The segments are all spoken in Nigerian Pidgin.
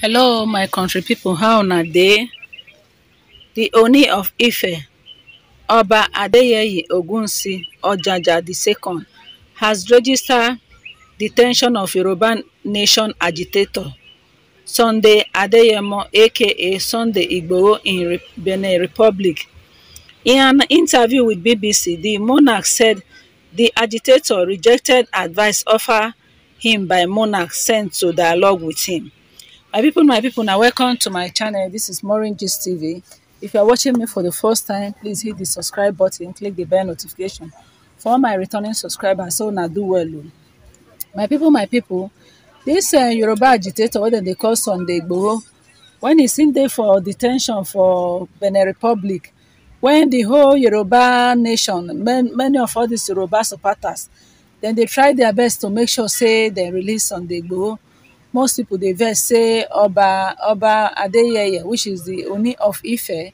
hello my country people. how una they? The oni of ife oba adeyeye ogunsi ojaja II has registered detention of yoruba nation agitator sunday adeyemo aka sunday igboho in benin republic in an interview with bbc the monarch said the agitator rejected advice offered him by monarch sent to dialogue with him My people, my people, now welcome to my channel. This is Moringis TV. If you are watching me for the first time, please hit the subscribe button click the bell notification. For my returning subscribers, so now do well. Oh. My people, my people, this uh, Yoruba agitator, what they call Sunday Igboho, when he's in there for detention for Benin Republic, when the whole Yoruba nation, man, many of all these Yoruba supporters, then they try their best to make sure, say, they release Sunday Igboho. most people dey vex say oba oba adeyeye which is the oni of ife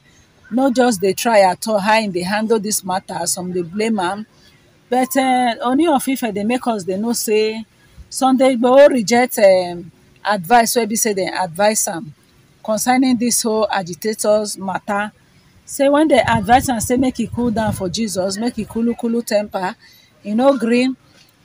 no just dey try at all how im dey handle dis matter some dey blame am but um, uh, oni of ife dey make us dey know say sunday igboho reject um, advice wey be say dem advise am concerning dis whole agitators matter say when dem advise am say make e cool down for jesus make e kulu kulu temper e no gree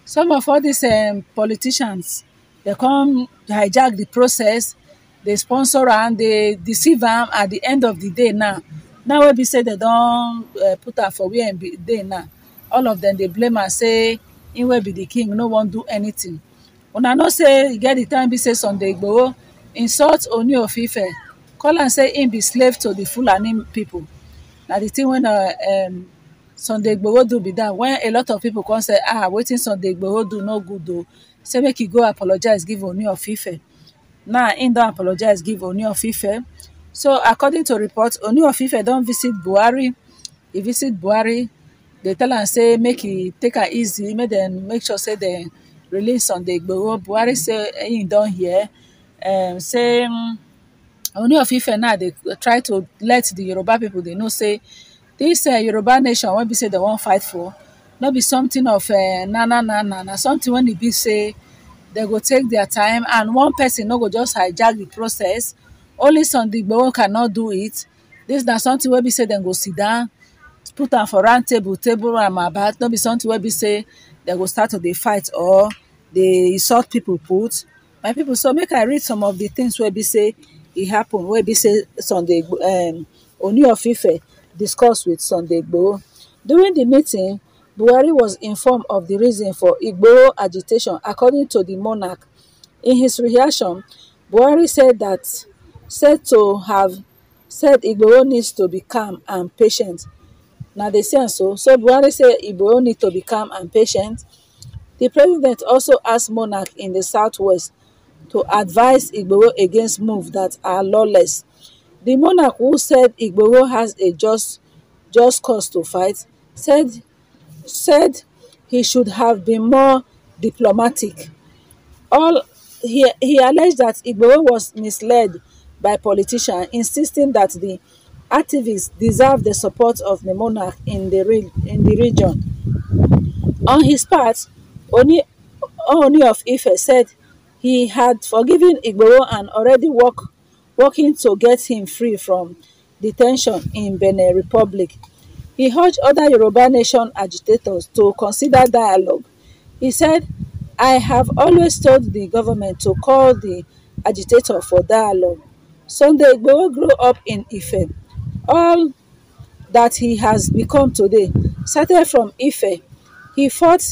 some of all dis um, politicians they come hijack the process they sponsor am they deceive am at the end of the day now now wey be say they don uh, put am for where im be dey now all of them dey blame am say im wey be the king no wan do anything una know say e get the time be say sunday igboho insult oni of ife call am say him be slave to the fulani people na the thing wey na eh, um, sunday igboho do be that when a lot of people come say ah wetin sunday igboho do no good o say make he go apologize give oni of ife now he don't apologize give oni of ife so according to reports, oni of ife don't visit buhari e visit buhari they tell am say make he take am easy make then make sure say they release on the. igboro buhari say he don't hear um, say mm, oni of ife now they try to let the yoruba people they know say this dis uh, yoruba nation wey be say they won't fight for no be something of eh, na na na na na something when e be say dem go take their time and one person no go just hijack the process only sunday igboho cannot do it this na something wey be say dem go sit down put am for round table table am about no be something wey be say dem go start to dey fight or dey insult people put my people so make i read some of the things wey be say e happen wey be say sunday um, oni of ife discuss with sunday igboho during the meeting Buhari was informed of the reason for Igboho agitation according to the monarch. In his reaction, Buhari said that said to have said Igboho needs to be calm and patient. Now they say so. Oh. So Buhari said Igboho need to be calm and patient. The president also asked monarch in the southwest to advise Igboho against moves that are lawless. The monarch who said Igboho has a just just cause to fight said said he should have been more diplomatic. All he, he alleged that Igbo was misled by politicians, insisting that the activists deserve the support of the monarch in the, re, in the region. On his part, Oni, Oni of Ife said he had forgiven Igbo and already work, working to get him free from detention in Benin Republic. He urged other Yoruba nation agitators to consider dialogue. He said, I have always told the government to call the agitator for dialogue. Sunday Igboho grew up in Ife. All that he has become today started from Ife. He fought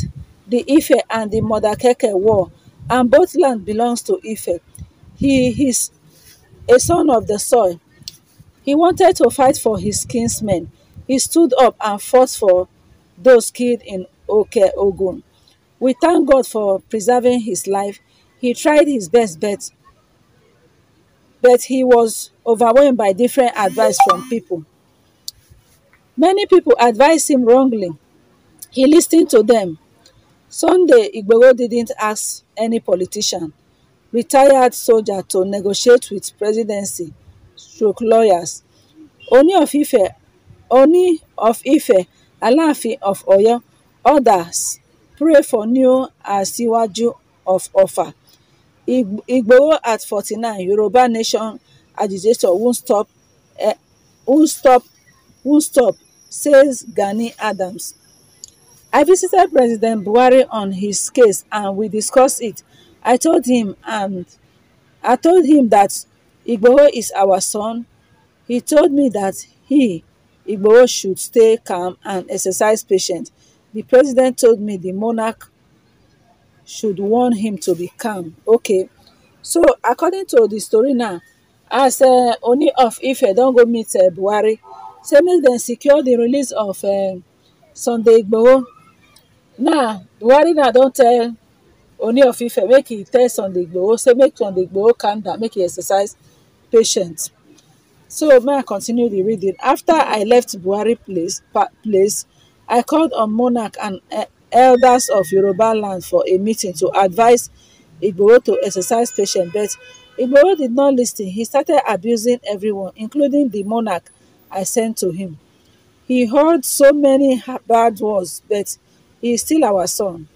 the Ife and the Modakeke war, and both land belongs to Ife. He is a son of the soil. He wanted to fight for his kinsmen. He stood up and fought for those killed in Oke Ogun. We thank God for preserving his life. He tried his best, but, but he was overwhelmed by different advice from people. Many people advised him wrongly. He listened to them. Sunday, Igbo didn't ask any politician, retired soldier to negotiate with presidency stroke lawyers. Oni of Ife Ooni of Ife, Alaafin of Oyo, others pray for new Asiwaju of offer. Igboho at forty nine, Yoruba Nation agitator won't stop, eh, won't stop, won't stop, says Gani Adams. I visited President Buhari on his case and we discussed it. I told him and I told him that Igboho is our son. He told me that he Igboho should stay calm and exercise patience. The president told me the monarch should warn him to be calm. Okay. So according to the story now, as uh, Ooni of Ife don't go meet uh, Buhari, say make dem secure the release of uh, Sunday Igboho. Now, Buhari now don't tell Oni of Ife make he tell Sunday Igboho say make Sunday Igboho calm down, make he exercise patience. So may I continue the reading? After I left Buhari place, place, I called on monarch and uh, elders of Yoruba land for a meeting to advise Igboho to exercise patience, but Igboho did not listen. He started abusing everyone, including the monarch I sent to him. He heard so many bad words, but he is still our son.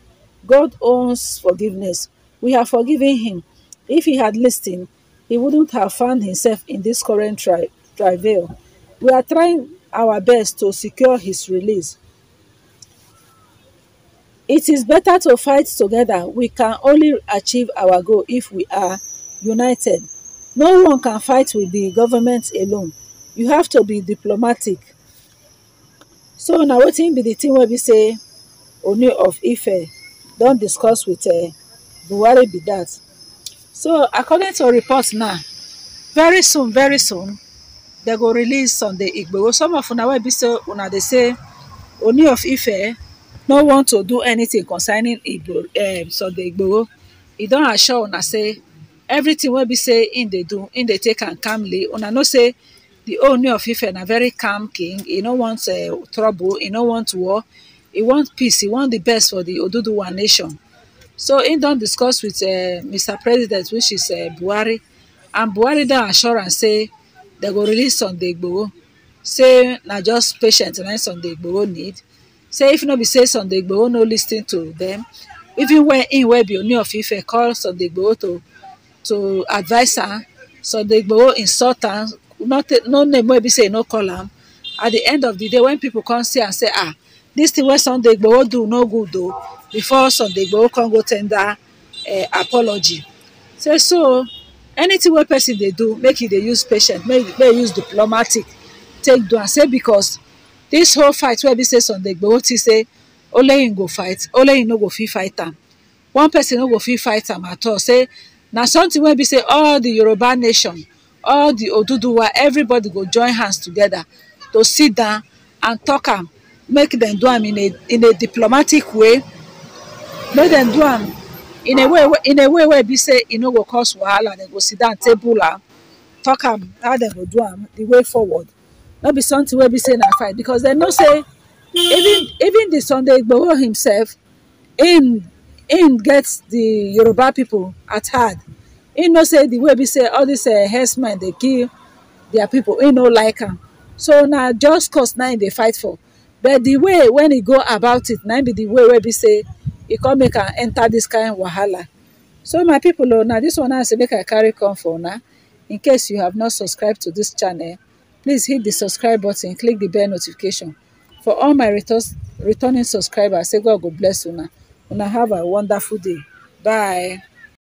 God owns forgiveness. We have forgiven him. If he had listened, he wouldn't have found himself in this current tri- travail. We are trying our best to secure his release. It is better to fight together. We can only achieve our goal if we are united. No one can fight with the government alone. You have to be diplomatic. So now what be the thing where be say Ooni of Ife don't discuss with uh, Buhari be that. So according to reports now, very soon, very soon, they go release on the Igbo. Some of una wey be say una dey say Ooni of Ife no want to do anything concerning Igbo, um, Sunday Igboho. he don't assure una say everything will be say in the do, in the take am calmly. Una no say the Ooni of Ife na very calm king. He no want uh, trouble, He no want war. He wants peace, He wants the best for the Oduduwa nation. So he don't discuss with uh, eh, Mr. President, which is uh, Buhari, and Buhari assure and say they go release Sunday Igboho. Say not just patient na Sunday Igboho need. Say if nobody be say Sunday Igboho no listening to them, even when in wey be Ooni of Ife call Sunday Igboho to to advise am, Sunday Igboho insult am, not no name wey be say no call am. At the end of the day, when people come see and say, ah, this thing wey Sunday Igboho do no good o, before sunday igboho come go tender uh, apology say so anything wey person dey do make e dey use patient make e use diplomatic take do am say because this whole fight wey be say sunday igboho think say only im go fight only im no go fit fight am one person no go fit fight am at all say na something wey be say all the yoruba nation all the oduduwa everybody go join hands together to sit down and talk am make dem do am in a in a diplomatic way make dem do am in a way in a way wey be say e no go cause wahala dem go sit down table am talk am how dem go do am the way forward no be something wey be say na fight because dem know say even even the sunday igboro himself him him get the yoruba people at heart he know say the way be say all these uh, herdsmen dey kill their people he no like am so na just cause na him dey fight for but the way when he go about it na be the way wey be say e come make am enter this kind wahala so my people o oh, na dis one i say make i carry come for una in case you have not subscribed to this channel please hit the subscribe button click the bell notification for all my returning subscribers say god go bless una una have a wonderful day bye